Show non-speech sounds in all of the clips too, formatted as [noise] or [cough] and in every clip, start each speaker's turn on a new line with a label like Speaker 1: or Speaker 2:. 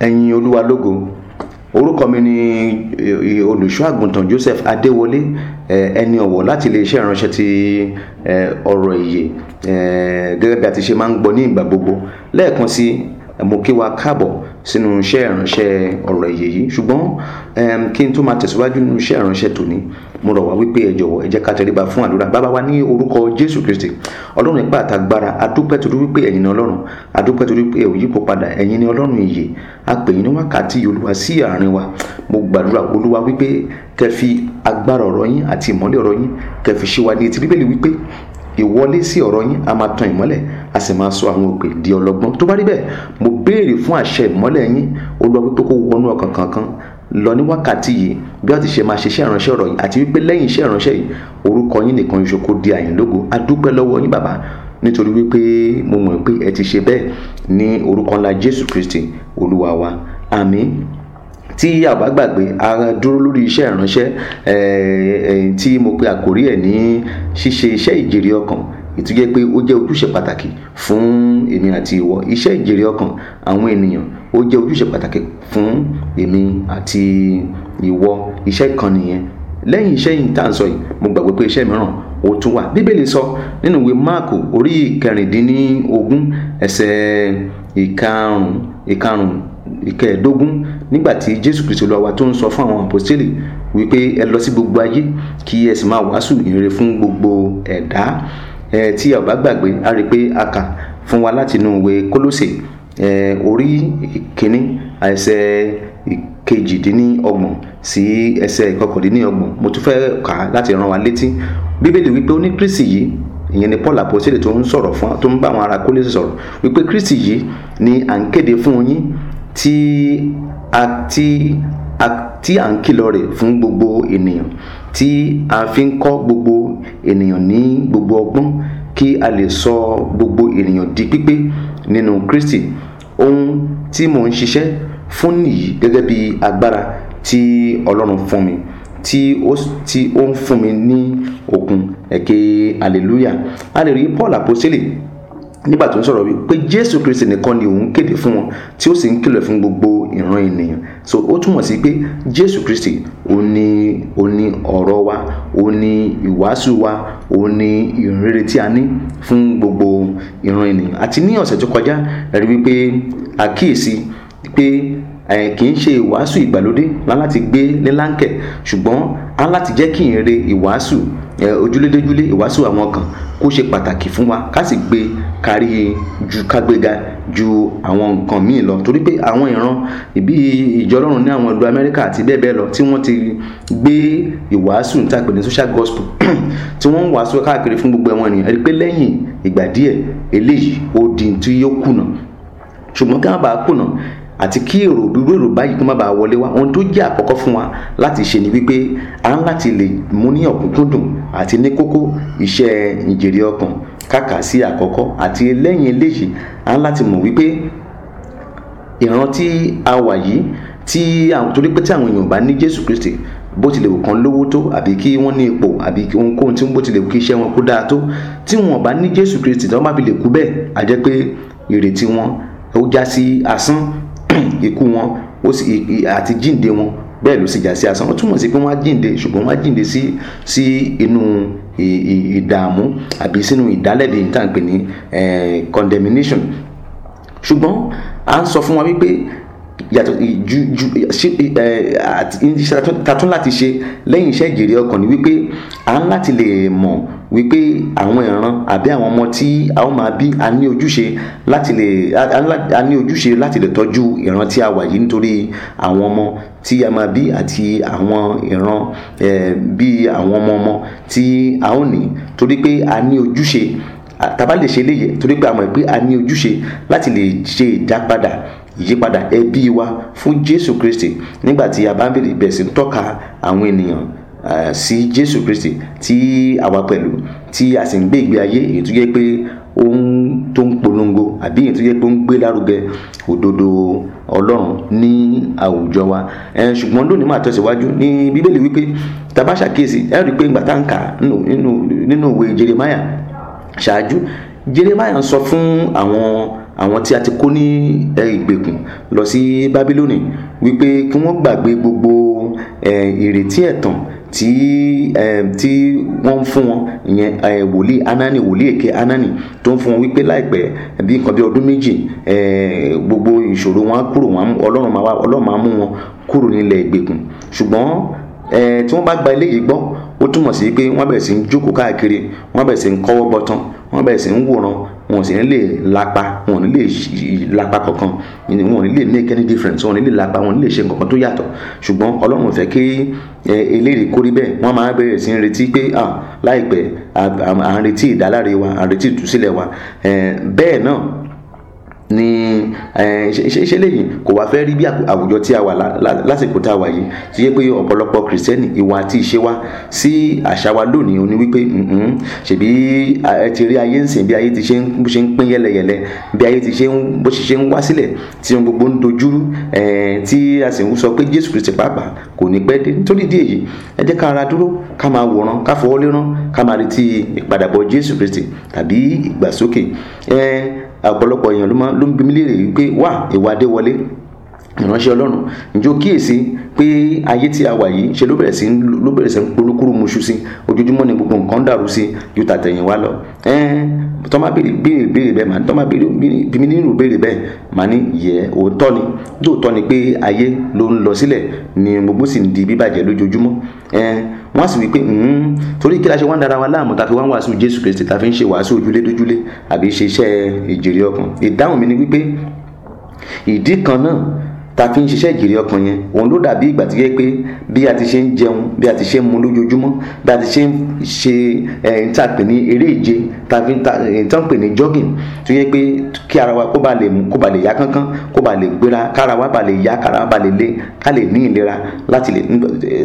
Speaker 1: ẹ̀yin olúwa lógo orúkọ mi ni e, e, olùṣọ́ àgùntàn Joseph Adéwọlé ẹni ọ̀wọ̀ láti iléeṣẹ́ ìránṣẹ́ ti ọ̀rọ̀ ìyè gẹ́gẹ́ bí a ti ṣe máa ń gbọ́ ní ìgbà gbogbo lẹ́ẹ̀kan sí mo kí wa káàbọ̀ sínú iṣẹ́ ìránṣẹ́ ọ̀rọ̀ èyí yìí ṣùgbọ́n kí n tó máa tẹ̀síwájú nínú iṣẹ́ ìránṣẹ́ tòní mo rọ̀ wá wípé ẹ jọ̀wọ́ ẹ fún àdúrà bàbá wa ní orúkọ jésù kristi ọlọ́run ipá àtàgbára adúpẹ́ torí wípé ẹ̀yin ni ọlọ́run adúpẹ́ torí wípé òyì kò padà ẹ̀yin ni ọlọ́run ìyè apè yín ní wákàtí olúwa sí àárín wa mo gbàdúrà olúwa wípé kẹ́ fi agbára ọ̀rọ̀ yín àti ìmọ́lẹ̀ ọ̀rọ̀ yín kẹ́ fi ṣe wa ní etí bíbélì wípé ìwọlé sí ọ̀rọ̀ yín a máa tan ìmọ́lẹ̀ a sì máa sọ àwọn òpè di ọlọ́gbọ́n tó bá rí bẹ́ẹ̀ mo béèrè fún àṣẹ ìmọ́lẹ̀ yín Olúwa wípé kó wọnú ọkàn kankan lọ ní wákàtí yìí bí wọ́n ti ṣe máa ṣiṣẹ́ ìránṣẹ́ ọ̀rọ̀ yìí àti wípé lẹ́yìn iṣẹ́ ìránṣẹ́ yìí orúkọ yín nìkan ṣoko di àyìnlógo a dúpẹ́ lọ́wọ́ yín bàbá nítorí wípé mo mọ̀ pé ẹ ti ṣe bẹ́ẹ̀ ní orúkọ ńlá Jésù Kristi Olúwa wa àmín tí àbá gbàgbé ara dúró lórí iṣẹ́ ìránṣẹ́ tí mo pe àkórí ẹ̀ ní ṣíṣe iṣẹ́ ìjèrè ọkàn ìtújẹ́ pé ó jẹ́ ojúṣe pàtàkì fún èmi àti ìwọ iṣẹ́ ìjèrè ọkàn àwọn ènìyàn ó jẹ́ ojúṣe pàtàkì fún èmi àti ìwọ iṣẹ́ kan nìyẹn lẹ́yìn iṣẹ́ yìí tá à ń sọ yìí mo gbàgbé pé iṣẹ́ mìíràn ó tún wà bíbélì sọ nínú ìwé máàkù orí ìkẹrìndínlógún ẹsẹ̀ ìkarùn-ún ìkarùn-ún ìkẹẹ̀ẹ́dógún nígbà tí jésù kristu lọ́wọ́ tó ń sọ fún àwọn àpọ́sítélì wípé ẹ lọ sí gbogbo ayé kí ẹ sì máa wàásù ìrere fún gbogbo ẹ̀dá ẹ tí a ò bá gbàgbé a rí i pé a kà fún wa láti inú ìwé kólósè ẹ orí ìkíní ẹsẹ̀ kejìdínlọ́gbọ̀n sí ẹsẹ̀ ìkọkàndínlọ́gbọ̀n mo tún fẹ́ kà á láti rán wa létí bíbélì wípé ó ní kristi yìí ìyẹn ni paul àpòsílẹ̀ tó ń sọ̀rọ̀ fún tó ń bá àwọn ará kólé sọ̀rọ̀ wípé kristi yìí ni à ń kéde fún yín tí a tí a tí à ń kìlọ̀ rẹ̀ fún gbogbo ènìyàn tí a fi ń kọ́ gbogbo ènìyàn ní gbogbo ọgbọ́n kí a lè sọ gbogbo ènìyàn di pípé nínú Kristi ohun tí mò ń ṣiṣẹ́ fún nìyí gẹ́gẹ́ bí agbára tí Ọlọ́run fún mi tí ó tí ó ń fún mi ní okun ẹ̀kẹ́ hallelujah a lè rí Paul àpọ́sítélì nígbà tó ń sọ̀rọ̀ wípé jésù kristi nìkan ni òun kéde fún wọn tí ó sì ń kìlọ̀ fún gbogbo ìran ènìyàn so ó túmọ̀ sí pé jésù kristi òun ni òun ni ọ̀rọ̀ wa òun ni ìwàásù wa òun ni ìrere tí a ní fún gbogbo ìran ènìyàn àti ní ọ̀sẹ̀ tó kọjá rí wípé àkíyèsí pé kì í ṣe ìwàásù ìgbàlódé láti gbé ní láńkẹ̀ ṣùgbọ́n á láti jẹ́ kí ìrere ìwàásù ojúlédéjúlé ìwàásù àwọn kan kó ṣe pàtàkì fún wa ká sì gbé kárí ju kágbéga ju àwọn nǹkan míì lọ torí pé àwọn ìran ìbí ìjọ Ọlọ́run ní àwọn ìlú Amẹ́ríkà àti bẹ́ẹ̀ bẹ́ẹ̀ lọ tí wọ́n ti gbé ìwàásù níta pè ní social gospel [clears throat] tí wọ́n ń wàásù káàkiri fún gbogbo ẹ̀wọ̀n ènìyàn rí pé lẹ́yìn ìgbà díẹ̀ eléyìí ó di tí yóò kùnà ṣùgbọ́n kí wọ́n bá kùnà àti kí èrò irú èrò báyìí tó má bàa wọlé wá ohun tó jẹ́ àkọ́kọ́ fún wa láti ṣe ni wípé a ń láti lè mú ní ọ̀kúnkúndùn àti ní kókó iṣẹ́ ìjèrè ọkàn kàkà sí àkọ́kọ́ àti lẹ́yìn eléyìí a ń láti mọ̀ wípé ìran tí a wà yìí tí torí pé tí àwọn èèyàn bá ní Jésù Kristi bó tilẹ̀ wù kán lówó tó àbí kí wọ́n ní ipò àbí ohunkóhun tí bó tilẹ̀ wù kí iṣẹ́ wọn kó dáa tó tí wọn bá ní Jésù Kristi tí wọ́n bá fi lè kú bẹ́ẹ̀ àjẹ́ ìrètí wọn ó já sí asán ikú wọn ó sì àti jíǹde wọn bẹ́ẹ̀ ló sì já sí asán ó túmọ̀ sí pé wọ́n á jíǹde ṣùgbọ́n wọ́n á jíǹde sí sí inú ìdààmú àbí sínú ìdálẹ́bi tá à ń pè ní eh, condemnation ṣùgbọ́n à ń sọ fún wa wípé yàtọ̀ ju ju eh, ṣe tatún láti ṣe lẹ́yìn iṣẹ́ ìjèrè ọkàn ni wípé à ń láti lè mọ̀ wípé àwọn ìran àbí àwọn ọmọ tí a ó máa bí a ní ojúṣe láti lè a ní ojúṣe láti lè tọ́jú ìran tí a wà yìí nítorí àwọn ọmọ tí a máa bí àti àwọn ìran bí àwọn ọmọ ọmọ tí a ó ní torí pé a ní ojúṣe tàbá lè ṣe eléyìí torí pé a mọ̀ pé a ní ojúṣe láti lè ṣe ìdápadà ìyípadà ẹbí wa fún Jésù Kristi nígbà tí a bá ń bẹ̀rẹ̀ sí tọ́ka àwọn ènìyàn Eh, sí Jésù Kristi tí àwa pẹ̀lú tí a sì ń gbé ìgbé ayé èyí tó jẹ́ pé ohun tó ń polongo àbí èyí tó jẹ́ pé ó ń gbé lárugẹ òdodo Ọlọ́run ní àwùjọ wa eh, ṣùgbọ́n lónìí máa tẹ̀síwájú ní Bíbélì wípé tá bá ẹ rí i pé ìgbà tá à kà nínú ìwé Jeremiah ṣáájú Jeremiah sọ fún àwọn àwọn tí a ti kó ní eh, ìgbèkùn lọ sí Bábílónì wípé kí wọ́n gbàgbé gbogbo ìrètí ẹ̀tàn tí tí wọ́n ń fún wọn ìyẹn eh, wòlíì anani wòlíì èké anani tó ń fún wọn wípé láìpẹ́ bí nǹkan bí ọdún méjì eh, gbogbo ìṣòro wọn á kúrò wọn ọlọ́run máa wá ọlọ́run máa mú wọn kúrò nílẹ̀ ìgbèkùn ṣùgbọ́n eh, tí wọ́n bá gba eléyìí gbọ́ ó túmọ̀ sí pé wọ́n bẹ̀rẹ̀ sí ń jókòó káàkiri wọ́n bẹ̀rẹ̀ sí ń kọ́wọ́ bọ́tán wọ́n bẹ̀rẹ̀ sí ń wòran wọn ò sì ní lè lapa wọn ò ní lè lapa kankan wọn ò ní lè make any difference wọn ò ní lè lapa wọn ò ní lè ṣe nǹkan tó yàtọ̀ ṣùgbọ́n ọlọ́run fẹ́ kí eléyìí kórí bẹ́ẹ̀ wọ́n máa bẹ̀rẹ̀ sí retí pé ah láìpẹ́ à ń retí ìdáláre wa à ń retí ìtúsílẹ̀ wa bẹ́ẹ̀ náà ni eh, ṣe léyìí kò wá fẹ́ rí bí àwùjọ tí a wà lásìkò tá a wà yìí tí yẹ pé ọ̀pọ̀lọpọ̀ kìrìsìtẹ́nì ìwà àti ìṣe wa sí àṣà wa lónìí ó ní wípé ṣèbí ẹ ti rí ayé ń sìn bí ayé ti ṣe ń pín yẹlẹyẹlẹ bí ayé ti ṣe ń bó ṣe ṣe ń wá sílẹ̀ tí ohun gbogbo ń dojúrú eh, tí a sì ń sọ pé Jésù Kristi pàápàá kò ní pẹ́ dé nítorí díẹ̀ yìí ẹ jẹ́ ká ara dúró ká máa wòran ká fọwọ́ lérán ká máa retí ìpadàbọ̀ Jésù Kristi tàbí ìgbàsókè eh, ọ̀pọ̀lọpọ̀ èèyàn ló ń bi mí léèrè wípé wà ìwà Adéwọlé ìránṣẹ́ ọlọ́run ǹjẹ́ o kíyèsí pé ayé tí a wà yìí ṣe ló bẹ̀rẹ̀ sí ló bẹ̀rẹ̀ sí polúkúrú muṣu sí ojoojúmọ́ ni gbogbo nǹkan dàrú sí ju tàtẹ̀yìn wá lọ tọ́ béèrè béèrè bẹ́ẹ̀ màá tọ́ béèrè bímí nínú béèrè bẹ́ẹ̀ màá ní yẹ òótọ́ ni lóòótọ́ ni pé ayé ló ń lọ sílẹ̀ ni gbogbo sì ń di bíbàjẹ́ lójoojúmọ́ wọ́n á sì wí pé torí kí la ṣe wá ń dara wa láàmú ta fi wá ń wàásù Jésù Kristi ta fi ń ṣe wàásù ojúlé dójúlé àbí ṣe iṣẹ́ ìjèrè ọkàn ìdáhùn mi ni wípé ìdí kan náà ta fi ń ṣiṣẹ́ ìjèrè ọkàn yẹn òun ló dàbí ìgbà tí yẹ pé bí a ti ṣe ń jẹun bí a ti ṣe ń mu lójoojúmọ́ bí a ti ṣe ń ṣe ẹ̀yìn tá a pè ní eré ìje ta fi ń tán pè ní jogging tó yẹ pé kí ara wa kó ba lè kó ba lè yá kánkán kó ba lè gbéra kára wa ba lè yá kára wa ba lè le ká lè ní ìlera láti lè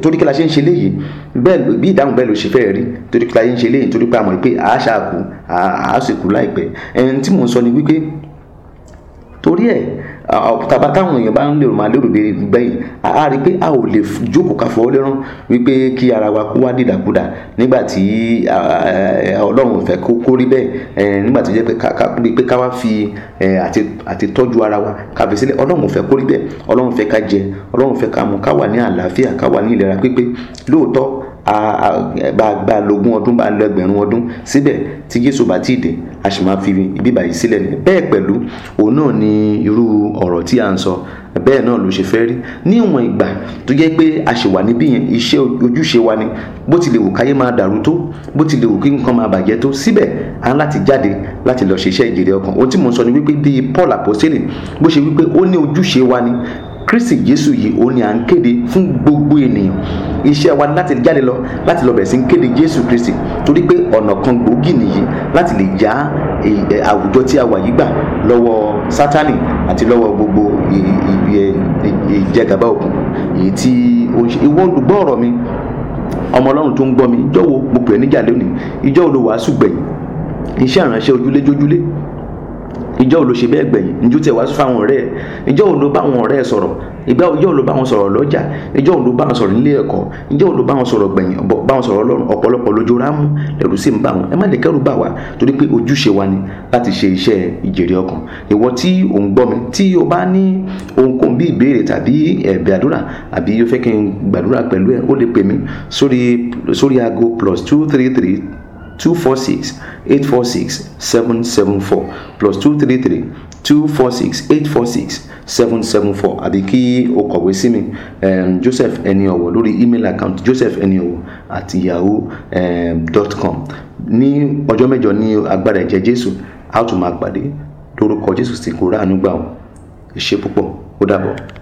Speaker 1: torí kí la ṣe ń ṣe léyìí bẹ́ẹ̀ bí ìdáhùn bẹ́ẹ̀ ló ṣe fẹ́ẹ́ rí torí kí la ṣe ń ṣe léyìí torí pé a mọ̀ pé àá ṣàkù àá sì kú láìpẹ́ ẹni tí mò ń sọ ni wípé torí ẹ̀ tàbá táwọn èèyàn bá ń lè máa lérò gbẹ̀yìn a rí i pé a ò lè jókòó ká fọwọ́ lẹ́rán wípé kí ara wa kó wá dìdàkudà nígbà tí ọlọ́run ò fẹ́ kó rí bẹ́ẹ̀ nígbà tó jẹ́ pé ká wá fi àti tọ́jú ara wa ká fi sílẹ̀ ọlọ́run ò fẹ́ kó rí bẹ́ẹ̀ ọlọ́run fẹ́ ká jẹ ọlọ́run fẹ́ ká mu ká wà ní àlàáfíà ká wà ní ìlera pípé lóòótọ́ bá gba lógún ọdún bá lọ ẹgbẹ̀rún ọdún síbẹ̀ tí Jésù bá tí ì dé a sì máa fi ibi báyìí sílẹ̀ ni bẹ́ẹ̀ pẹ̀lú òun náà ni irú ọ̀rọ̀ tí à ń sọ bẹ́ẹ̀ náà ló ṣe fẹ́ rí níwọ̀n ìgbà tó jẹ́ pé a ṣe wà níbí yẹn iṣẹ́ ojúṣe wa ni bó ti lè wù káyé máa dàrú tó bó ti lè wù kí nǹkan máa bàjẹ́ tó síbẹ̀ a ń láti jáde láti lọ ṣiṣẹ́ ìjèrè ọkàn ohun tí mò ń sọ ni wípé bíi Paul àpọ́sẹ́lẹ̀ bó ṣe wípé ó ní ojúṣe wa ni kristi jésù yìí òun ni à ń kéde fún gbogbo ènìyàn iṣẹ́ wa láti jáde lọ láti lọ bẹ̀rẹ̀ sí ń kéde jésù kristi torí pé ọ̀nà kan gbòógì nìyí láti lè já àwùjọ tí a wà yìí gbà lọ́wọ́ sátani àti lọ́wọ́ gbogbo ìjẹgàba òkun èyí tí ìwọ olùgbọ́ ọ̀rọ̀ mi ọmọ ọlọ́run tó ń gbọ́ mi ìjọ́wọ́ mo pè é níjà lónìí ìjọ́ olùwàásù gbẹ̀yìn iṣẹ́ ìránṣẹ́ ojúlé jójúlé ìjọ ò ló ṣe bẹ́ẹ̀ gbẹ̀yìn níjú tí ẹ wá fáwọn ọ̀rẹ́ ẹ ìjọ ò ló bá àwọn ọ̀rẹ́ ẹ sọ̀rọ̀ ìgbà ìjọ ò ló bá wọn sọ̀rọ̀ lọ́jà ìjọ ò ló bá wọn sọ̀rọ̀ nílé ẹ̀kọ́ ìjọ ò ló bá wọn sọ̀rọ̀ gbẹ̀yìn bá wọn sọ̀rọ̀ lọ́rùn ọ̀pọ̀lọpọ̀ lójú rámú lẹ́rù sì ń bà wọ́n ẹ má lè kẹ́rù bà torí pé ojúṣe wa ni láti ṣe iṣẹ́ ìjèrè ọkàn ìwọ tí ò ń gbọ́ mi tí o bá ní ohunkóhun bí ìbéèrè tàbí ẹ̀bẹ̀ àdúrà àbí o fẹ́ kí n gbàdúrà pẹ̀lú ẹ o lè pè mí sórí sórí aago plus two three three 246 846 774 plus 233 246 846 774 àbí kí o kọ̀wé sí mi um, Joseph Eniowo lórí email account Joseph Eniowo at yahoo um, dot com ní ọjọ́ mẹ́jọ ní agbára ẹ̀jẹ̀ Jésù a ó tún máa pàdé lórúkọ Jésù sì kúrò àánú gbà ó ṣe púpọ̀ ó dàbọ̀.